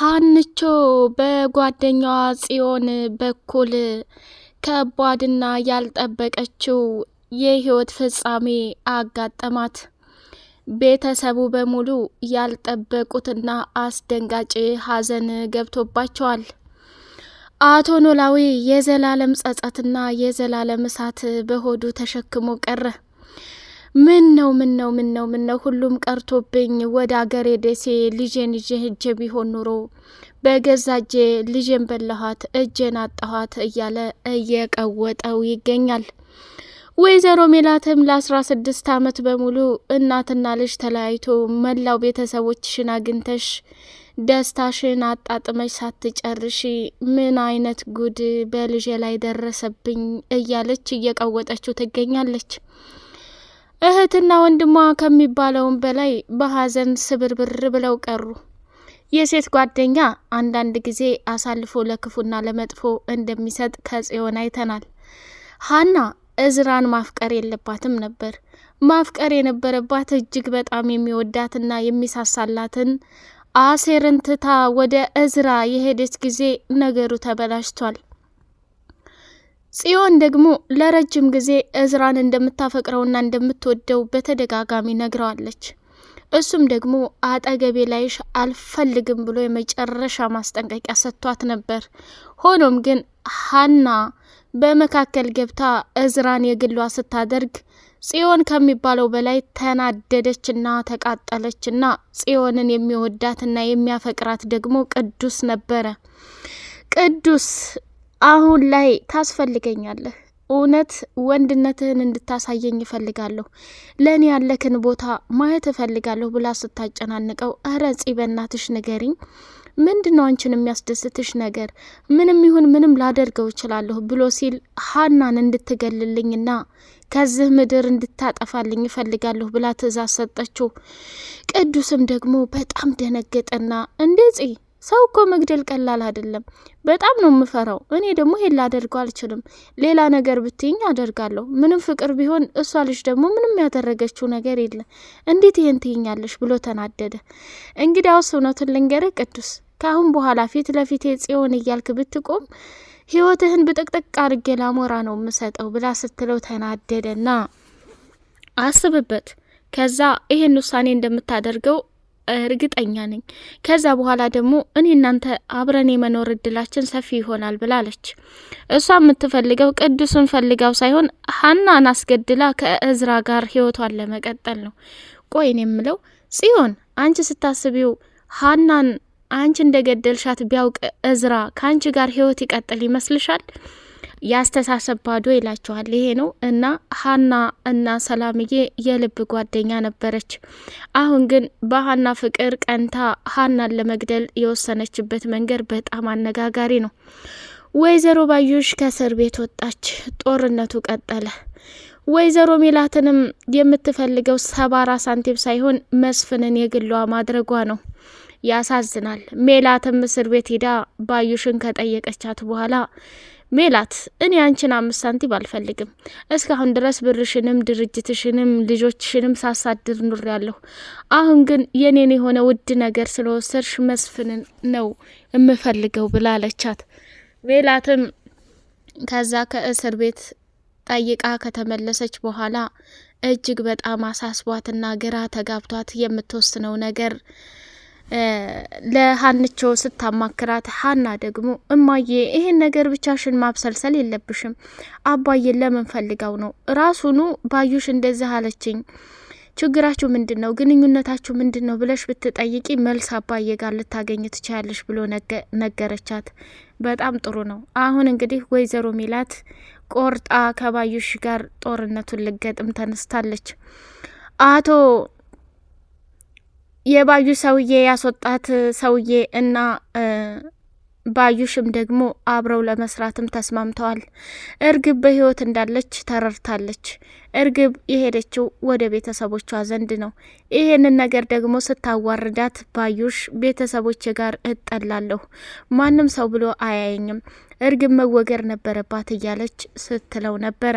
ሀንቾ በጓደኛዋ ጽዮን በኩል ከባድና ያልጠበቀችው የህይወት ፍጻሜ አጋጠማት። ቤተሰቡ በሙሉ ያልጠበቁትና አስደንጋጭ ሀዘን ገብቶባቸዋል። አቶ ኖላዊ የዘላለም ጸጸትና የዘላለም እሳት በሆዱ ተሸክሞ ቀረ። ምን ነው ምን ነው ምን ነው ምን ነው ሁሉም ቀርቶብኝ ወደ አገሬ ደሴ ልጄን ይዤ ሄጄ ቢሆን ኑሮ በገዛ እጄ ልጄን በላኋት እጄን አጣኋት እያለ እየቀወጠው ይገኛል። ወይዘሮ ሜላትም ለአስራ ስድስት አመት በሙሉ እናትና ልጅ ተለያይቶ መላው ቤተሰቦችሽን አግኝተሽ ደስታሽን አጣጥመሽ ሳትጨርሽ ምን አይነት ጉድ በልጄ ላይ ደረሰብኝ እያለች እየቀወጠችው ትገኛለች። እህትና ወንድሟ ከሚባለውም በላይ በሐዘን ስብርብር ብለው ቀሩ። የሴት ጓደኛ አንዳንድ ጊዜ አሳልፎ ለክፉና ለመጥፎ እንደሚሰጥ ከጽዮን አይተናል። ሀና እዝራን ማፍቀር የለባትም ነበር። ማፍቀር የነበረባት እጅግ በጣም የሚወዳትና የሚሳሳላትን አሴርን ትታ ወደ እዝራ የሄደች ጊዜ ነገሩ ተበላሽቷል። ጽዮን ደግሞ ለረጅም ጊዜ እዝራን እንደምታፈቅረውና እንደምትወደው በተደጋጋሚ ነግረዋለች። እሱም ደግሞ አጠገቤ ላይሽ አልፈልግም ብሎ የመጨረሻ ማስጠንቀቂያ ሰጥቷት ነበር። ሆኖም ግን ሀና በመካከል ገብታ እዝራን የግሏ ስታደርግ ጽዮን ከሚባለው በላይ ተናደደችና ተቃጠለችና ጽዮንን የሚወዳትና የሚያፈቅራት ደግሞ ቅዱስ ነበረ። ቅዱስ አሁን ላይ ታስፈልገኛለህ። እውነት ወንድነትህን እንድታሳየኝ እፈልጋለሁ። ለእኔ ያለክን ቦታ ማየት እፈልጋለሁ ብላ ስታጨናንቀው፣ እረ ጺ በናትሽ ንገሪኝ፣ ምንድን ነው አንቺን የሚያስደስትሽ ነገር? ምንም ይሁን ምንም ላደርገው እችላለሁ ብሎ ሲል ሀናን እንድትገልልኝና ከዚህ ምድር እንድታጠፋልኝ እፈልጋለሁ ብላ ትእዛዝ ሰጠችው። ቅዱስም ደግሞ በጣም ደነገጠና እንዴ ጺ ሰው እኮ መግደል ቀላል አይደለም። በጣም ነው የምፈራው። እኔ ደግሞ ይሄን ላደርገው አልችልም። ሌላ ነገር ብትይኝ አደርጋለሁ። ምንም ፍቅር ቢሆን እሷ ልጅ ደግሞ ምንም ያደረገችው ነገር የለም። እንዴት ይሄን ትይኛለሽ? ብሎ ተናደደ። እንግዲያውስ እውነቱን ልንገርህ ቅዱስ፣ ከአሁን በኋላ ፊት ለፊቴ ጽዮን እያልክ ብትቆም ህይወትህን ብጥቅጥቅ አድርጌ ላሞራ ነው የምሰጠው ብላ ስትለው ተናደደና አስብበት ከዛ ይህን ውሳኔ እንደምታደርገው እርግጠኛ ነኝ። ከዛ በኋላ ደግሞ እኔ እናንተ አብረን የመኖር እድላችን ሰፊ ይሆናል ብላለች። እሷ የምትፈልገው ቅዱስን ፈልጋው ሳይሆን ሀናን አስገድላ ከእዝራ ጋር ህይወቷን ለመቀጠል ነው። ቆይን የምለው ጽዮን፣ አንቺ ስታስቢው ሀናን አንቺ እንደገደልሻት ቢያውቅ እዝራ ከአንቺ ጋር ህይወት ይቀጥል ይመስልሻል? ያስተሳሰብ ባዶ ይላችኋል። ይሄ ነው እና ሀና እና ሰላምዬ የልብ ጓደኛ ነበረች። አሁን ግን በሀና ፍቅር ቀንታ ሀናን ለመግደል የወሰነችበት መንገድ በጣም አነጋጋሪ ነው። ወይዘሮ ባዩሽ ከእስር ቤት ወጣች። ጦርነቱ ቀጠለ። ወይዘሮ ሜላትንም የምትፈልገው ሰባራ ሳንቲም ሳይሆን መስፍንን የግሏ ማድረጓ ነው። ያሳዝናል። ሜላትም እስር ቤት ሂዳ ባዩሽን ከጠየቀቻት በኋላ ሜላት እኔ አንቺን አምስት ሳንቲም አልፈልግም። እስካሁን ድረስ ብርሽንም ድርጅትሽንም ልጆችሽንም ሳሳድር ኑር ያለሁ። አሁን ግን የኔን የሆነ ውድ ነገር ስለወሰድሽ መስፍንን ነው የምፈልገው ብላ አለቻት። ሜላትም ከዛ ከእስር ቤት ጠይቃ ከተመለሰች በኋላ እጅግ በጣም አሳስቧትና ግራ ተጋብቷት የምትወስነው ነገር ለሀንቾ ስታማክራት ሀና ደግሞ እማዬ ይሄን ነገር ብቻሽን ማብሰልሰል የለብሽም። አባዬን ለምን ፈልገው ነው? ራሱኑ ባዩሽ እንደዚህ አለችኝ። ችግራችሁ ምንድን ነው? ግንኙነታችሁ ምንድን ነው ብለሽ ብትጠይቂ መልስ አባዬ ጋር ልታገኝ ትችያለሽ ብሎ ነገረቻት። በጣም ጥሩ ነው። አሁን እንግዲህ ወይዘሮ ሚላት ቆርጣ ከባዩሽ ጋር ጦርነቱን ልገጥም ተነስታለች። አቶ የባዩ ሰውዬ ያስወጣት ሰውዬ እና ባዩሽም ደግሞ አብረው ለመስራትም ተስማምተዋል። እርግብ በህይወት እንዳለች ተረድታለች። እርግብ የሄደችው ወደ ቤተሰቦቿ ዘንድ ነው። ይሄንን ነገር ደግሞ ስታዋርዳት ባዩሽ ቤተሰቦች ጋር እጠላለሁ፣ ማንም ሰው ብሎ አያየኝም፣ እርግብ መወገር ነበረባት እያለች ስትለው ነበረ።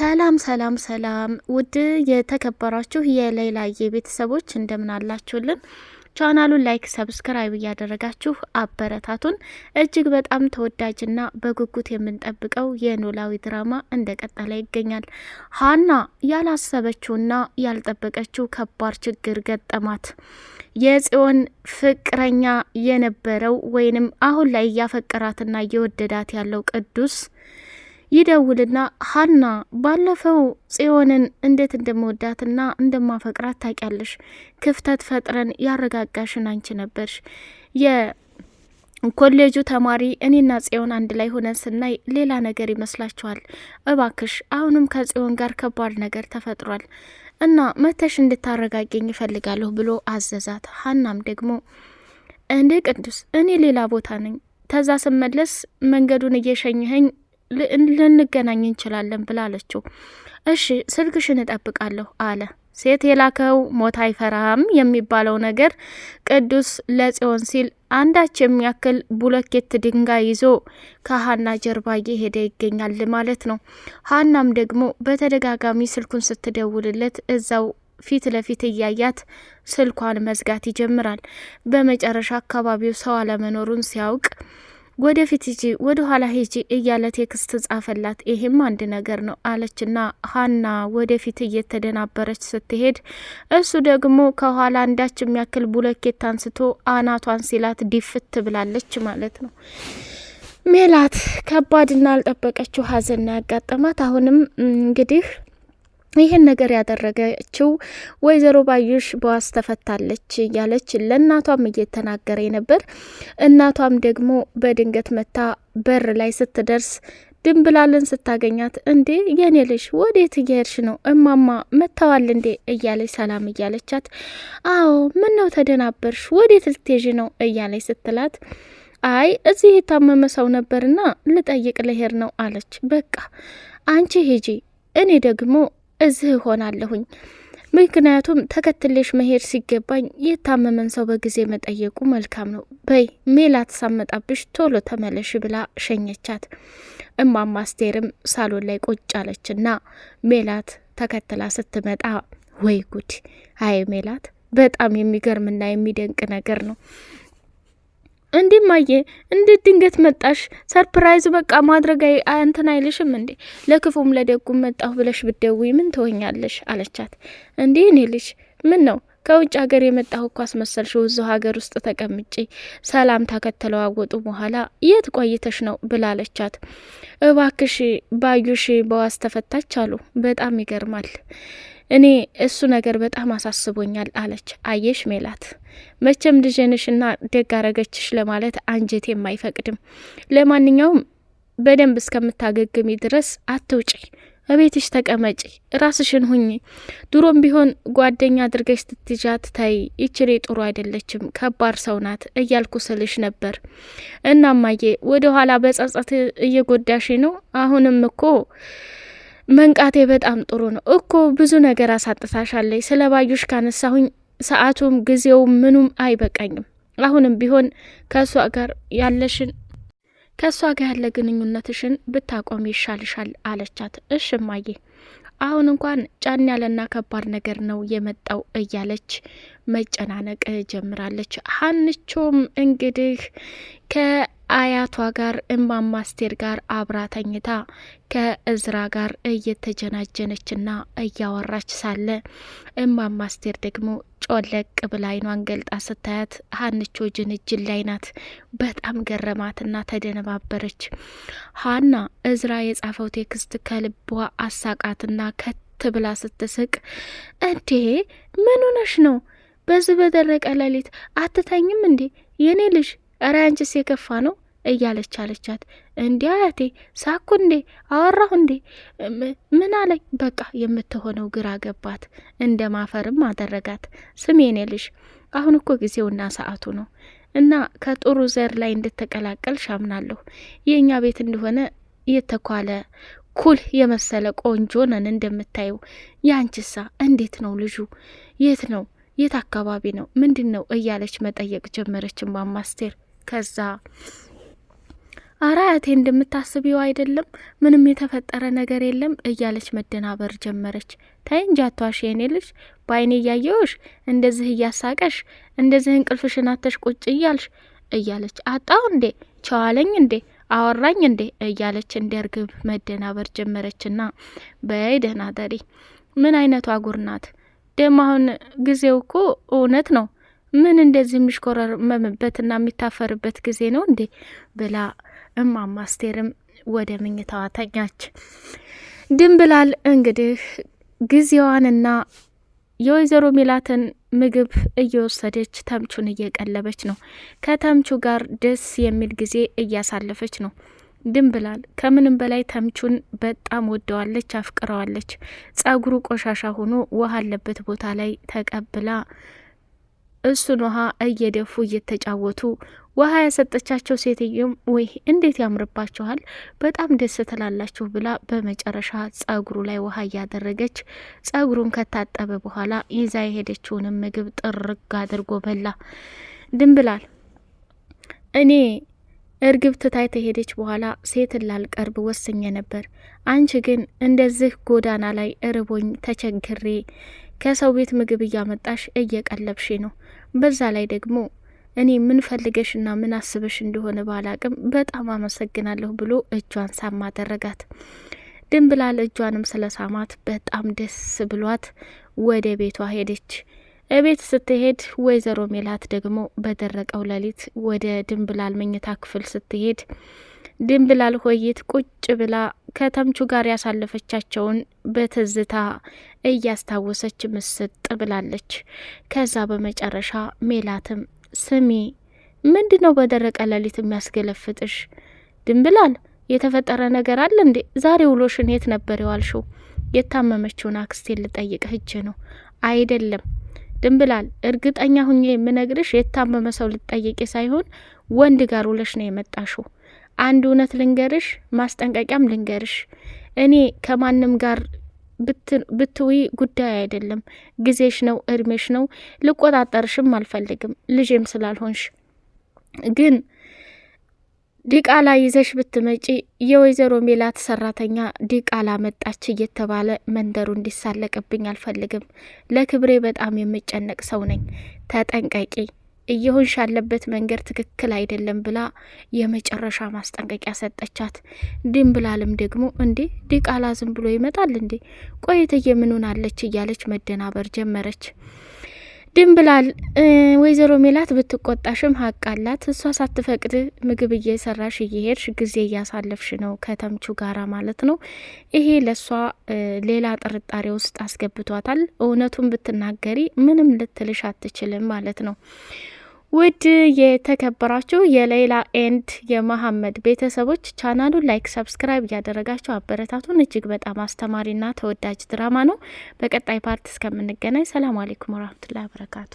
ሰላም ሰላም ሰላም! ውድ የተከበራችሁ የሌላዬ ቤተሰቦች እንደምን አላችሁልን? ቻናሉን ላይክ፣ ሰብስክራይብ እያደረጋችሁ አበረታቱን። እጅግ በጣም ተወዳጅና በጉጉት የምንጠብቀው የኖላዊ ድራማ እንደ ይገኛል። ሀና ያላሰበችውና ያልጠበቀችው ከባድ ችግር ገጠማት። የጽዮን ፍቅረኛ የነበረው ወይንም አሁን ላይ እያፈቀራትና እየወደዳት ያለው ቅዱስ ይደውልና ሀና ባለፈው ጽዮንን እንዴት እንደመወዳትና እንደማፈቅራት ታውቂያለሽ። ክፍተት ፈጥረን ያረጋጋሽን አንቺ ነበርሽ። የኮሌጁ ተማሪ እኔና ጽዮን አንድ ላይ ሆነን ስናይ ሌላ ነገር ይመስላችኋል። እባክሽ አሁንም ከጽዮን ጋር ከባድ ነገር ተፈጥሯል እና መተሽ እንድታረጋገኝ ይፈልጋለሁ ብሎ አዘዛት። ሀናም ደግሞ እንዴ ቅዱስ፣ እኔ ሌላ ቦታ ነኝ። ተዛ ስመለስ መንገዱን እየሸኘኸኝ ልንገናኝ እንችላለን ብላለችው። እሺ ስልክሽን እጠብቃለሁ አለ። ሴት የላከው ሞት አይፈራም የሚባለው ነገር ቅዱስ ለጽዮን ሲል አንዳች የሚያክል ቡለኬት ድንጋይ ይዞ ከሀና ጀርባ እየሄደ ይገኛል ማለት ነው። ሀናም ደግሞ በተደጋጋሚ ስልኩን ስትደውልለት እዛው ፊት ለፊት እያያት ስልኳን መዝጋት ይጀምራል። በመጨረሻ አካባቢው ሰው አለመኖሩን ሲያውቅ ወደፊት ሂጂ፣ ወደ ኋላ ሂጂ እያለ ቴክስት ጻፈላት። ይሄም አንድ ነገር ነው አለችና ሀና ወደፊት እየተደናበረች ስትሄድ እሱ ደግሞ ከኋላ አንዳች የሚያክል ቡለኬት አንስቶ አናቷን ሲላት ዲፍት ብላለች ማለት ነው። ሜላት ከባድና አልጠበቀችው ሀዘን ያጋጠማት አሁንም እንግዲህ ይህን ነገር ያደረገችው ወይዘሮ ባዩሽ በዋስ ተፈታለች እያለች ለእናቷም እየተናገረ ነበር። እናቷም ደግሞ በድንገት መታ በር ላይ ስትደርስ ድንብላልን ስታገኛት እንዴ የኔ ልጅ ወዴት እየሄድሽ ነው? እማማ መጥተዋል እንዴ እያለች ሰላም እያለቻት፣ አዎ ምን ነው ተደናበርሽ? ወዴት ልትሄጂ ነው እያለች ስትላት አይ እዚህ የታመመ ሰው ነበርና ልጠይቅ ልሄድ ነው አለች። በቃ አንቺ ሂጂ እኔ ደግሞ እዚህ እሆናለሁኝ። ምክንያቱም ተከትሌሽ መሄድ ሲገባኝ የታመመን ሰው በጊዜ መጠየቁ መልካም ነው። በይ ሜላት ሳመጣብሽ ቶሎ ተመለሽ ብላ ሸኘቻት። እማማ አስቴርም ሳሎን ላይ ቁጭ አለችና ሜላት ተከትላ ስትመጣ ወይ ጉድ! አይ ሜላት፣ በጣም የሚገርምና የሚደንቅ ነገር ነው። እንዴ ማየ፣ እንዴት ድንገት መጣሽ? ሰርፕራይዝ በቃ ማድረግ እንትን አይልሽም እንዴ? ለክፉም ለደጉም መጣሁ ብለሽ ብትደውይ ምን ትሆኛለሽ? አለቻት። እንዴ እኔ ልጅ ምን ነው ከውጭ ሀገር የመጣሁ እኮ አስመሰልሽው። እዚሁ ሀገር ውስጥ ተቀምጬ ሰላምታ ከተለዋወጡ በኋላ የት ቆይተሽ ነው ብላለቻት። እባክሽ ባዩሽ በዋስ ተፈታች አሉ። በጣም ይገርማል። እኔ እሱ ነገር በጣም አሳስቦኛል አለች። አየሽ ሜላት፣ መቼም ልጅንሽና ደግ አረገችሽ ለማለት አንጀቴም አይፈቅድም። ለማንኛውም በደንብ እስከምታገግሚ ድረስ አትውጪ፣ እቤትሽ ተቀመጪ፣ ራስሽን ሁኚ። ድሮም ቢሆን ጓደኛ አድርገሽ ስትጃት ታይ ይችሬ ጥሩ አይደለችም፣ ከባድ ሰው ናት እያልኩ ስልሽ ነበር። እናማዬ ወደ ኋላ በጸጸት እየጎዳሽ ነው። አሁንም እኮ መንቃቴ በጣም ጥሩ ነው እኮ ብዙ ነገር አሳጥታሻለች። ስለ ባዩሽ ካነሳሁኝ ሰዓቱም ጊዜው ምኑም አይበቃኝም። አሁንም ቢሆን ከእሷ ጋር ያለሽን ከእሷ ጋር ያለ ግንኙነትሽን ብታቆም ይሻልሻል አለቻት። እሽ አሁን እንኳን ጫን ያለና ከባድ ነገር ነው የመጣው እያለች መጨናነቅ ጀምራለች። ሀንቾም እንግዲህ ከ አያቷ ጋር እማማ አስቴር ጋር አብራ ተኝታ ከእዝራ ጋር እየተጀናጀነችና እያወራች ሳለ እማማ አስቴር ደግሞ ጮለቅ ብላ አይኗን ገልጣ ስታያት ሀንቾ ጅንጅል ላይ ናት። በጣም ገረማትና ተደነባበረች። ሀና እዝራ የጻፈው ቴክስት ከልቧ አሳቃትና ከት ብላ ስትስቅ እንዴ ምን ሆነሽ ነው? በዚህ በደረቀ ሌሊት አትተኝም እንዴ የኔ ልጅ? እረ አንቺስ የከፋ ነው እያለች አለቻት። እንዲ አያቴ ሳኩ እንዴ አወራሁ እንዴ ምን አለኝ? በቃ የምትሆነው ግራ ገባት። እንደ ማፈርም አደረጋት። ስሜን ልሽ አሁን እኮ ጊዜውና ሰዓቱ ነው እና ከጥሩ ዘር ላይ እንድትቀላቀል ሻምናለሁ። የእኛ ቤት እንደሆነ የተኳለ ኩል የመሰለ ቆንጆ ነን እንደምታየው። የአንችሳ እንዴት ነው ልጁ? የት ነው የት አካባቢ ነው ምንድን ነው እያለች መጠየቅ ጀመረች እማማ አስቴር ከዛ አራያቴ እንደምታስቢው አይደለም፣ ምንም የተፈጠረ ነገር የለም እያለች መደናበር ጀመረች። ታይ እንጂ አትዋሽ የኔ ልጅ፣ በአይኔ እያየውሽ እንደዚህ እያሳቀሽ እንደዚህ እንቅልፍሽን አተሽ ቁጭ እያልሽ እያለች አጣው እንዴ ቸዋለኝ እንዴ አወራኝ እንዴ እያለች እንደ እርግብ መደናበር ጀመረችና በይ ደህና ደሪ። ምን አይነቷ አጉር ናት ደሞ አሁን ጊዜው እኮ እውነት ነው። ምን እንደዚህ የሚሽኮረመምበትና የሚታፈርበት ጊዜ ነው እንዴ ብላ እማማ አስቴርም ወደ ምኝታዋ ተኛች። ድንብላል እንግዲህ ጊዜዋንና የወይዘሮ ሚላትን ምግብ እየወሰደች ተምቹን እየቀለበች ነው። ከተምቹ ጋር ደስ የሚል ጊዜ እያሳለፈች ነው። ድንብላል ከምንም በላይ ተምቹን በጣም ወደዋለች፣ አፍቅረዋለች። ጸጉሩ ቆሻሻ ሆኖ ውሃ አለበት ቦታ ላይ ተቀብላ እሱን ውሃ እየደፉ እየተጫወቱ ውሃ ያሰጠቻቸው ሴትዮም ወይ እንዴት ያምርባችኋል፣ በጣም ደስ ትላላችሁ ብላ በመጨረሻ ጸጉሩ ላይ ውሃ እያደረገች ጸጉሩን ከታጠበ በኋላ ይዛ የሄደችውንም ምግብ ጥርግ አድርጎ በላ። ብላል። እኔ እርግብ ትታይ ተሄደች በኋላ ሴት ላልቀርብ ወስኜ ነበር። አንቺ ግን እንደዚህ ጎዳና ላይ እርቦኝ ተቸግሬ ከሰው ቤት ምግብ እያመጣሽ እየቀለብሽ ነው። በዛ ላይ ደግሞ እኔ ምን ፈልገሽና ምን አስበሽ እንደሆነ ባላቅም በጣም አመሰግናለሁ ብሎ እጇን ሳማ አደረጋት። ድንብላል እጇንም ስለ ሳማት በጣም ደስ ብሏት ወደ ቤቷ ሄደች። እቤት ስትሄድ ወይዘሮ ሜላት ደግሞ በደረቀው ሌሊት ወደ ድንብላል መኝታ ክፍል ስትሄድ ድንብላል ሆይት ቁጭ ብላ ከተምቹ ጋር ያሳለፈቻቸውን በትዝታ እያስታወሰች ምስጥ ብላለች። ከዛ በመጨረሻ ሜላትም ስሚ፣ ምንድን ነው በደረቀ ሌሊት የሚያስገለፍጥሽ? ድንብላል፣ የተፈጠረ ነገር አለ እንዴ? ዛሬ ውሎሽን የት ነበር የዋልሽው? የታመመችውን አክስቴ ልጠይቅ ህች ነው። አይደለም ድንብላል፣ እርግጠኛ ሁኜ የምነግርሽ የታመመ ሰው ልጠይቄ ሳይሆን ወንድ ጋር ውለሽ ነው የመጣሽው። አንድ እውነት ልንገርሽ፣ ማስጠንቀቂያም ልንገርሽ። እኔ ከማንም ጋር ብትዊ ጉዳይ አይደለም። ጊዜሽ ነው፣ እድሜሽ ነው። ልቆጣጠርሽም አልፈልግም ልጄም ስላልሆንሽ። ግን ዲቃላ ይዘሽ ብትመጪ የወይዘሮ ሜላት ሰራተኛ ዲቃላ መጣች እየተባለ መንደሩ እንዲሳለቅብኝ አልፈልግም። ለክብሬ በጣም የምጨነቅ ሰው ነኝ። ተጠንቀቂ። እየሆንሽ ያለበት መንገድ ትክክል አይደለም ብላ የመጨረሻ ማስጠንቀቂያ ሰጠቻት። ብላልም ደግሞ እንዴ ዲቃላ ዝም ብሎ ይመጣል እንዴ ቆየትየ ምንሆናለች እያለች መደናበር ጀመረች። ድም ብላል። ወይዘሮ ሜላት ብትቆጣሽም ሀቅ አላት። እሷ ሳትፈቅድ ምግብ እየሰራሽ እየሄድሽ ጊዜ እያሳለፍሽ ነው ከተምቹ ጋራ ማለት ነው። ይሄ ለእሷ ሌላ ጥርጣሬ ውስጥ አስገብቷታል። እውነቱን ብትናገሪ ምንም ልትልሽ አትችልም ማለት ነው። ውድ የተከበራችሁ የሌላ ኤንድ የመሀመድ ቤተሰቦች ቻናሉን ላይክ፣ ሰብስክራይብ እያደረጋችሁ አበረታቱን። እጅግ በጣም አስተማሪና ተወዳጅ ድራማ ነው። በቀጣይ ፓርት እስከምንገናኝ ሰላም አሌይኩም ወረህመቱላሂ ወበረካቱ።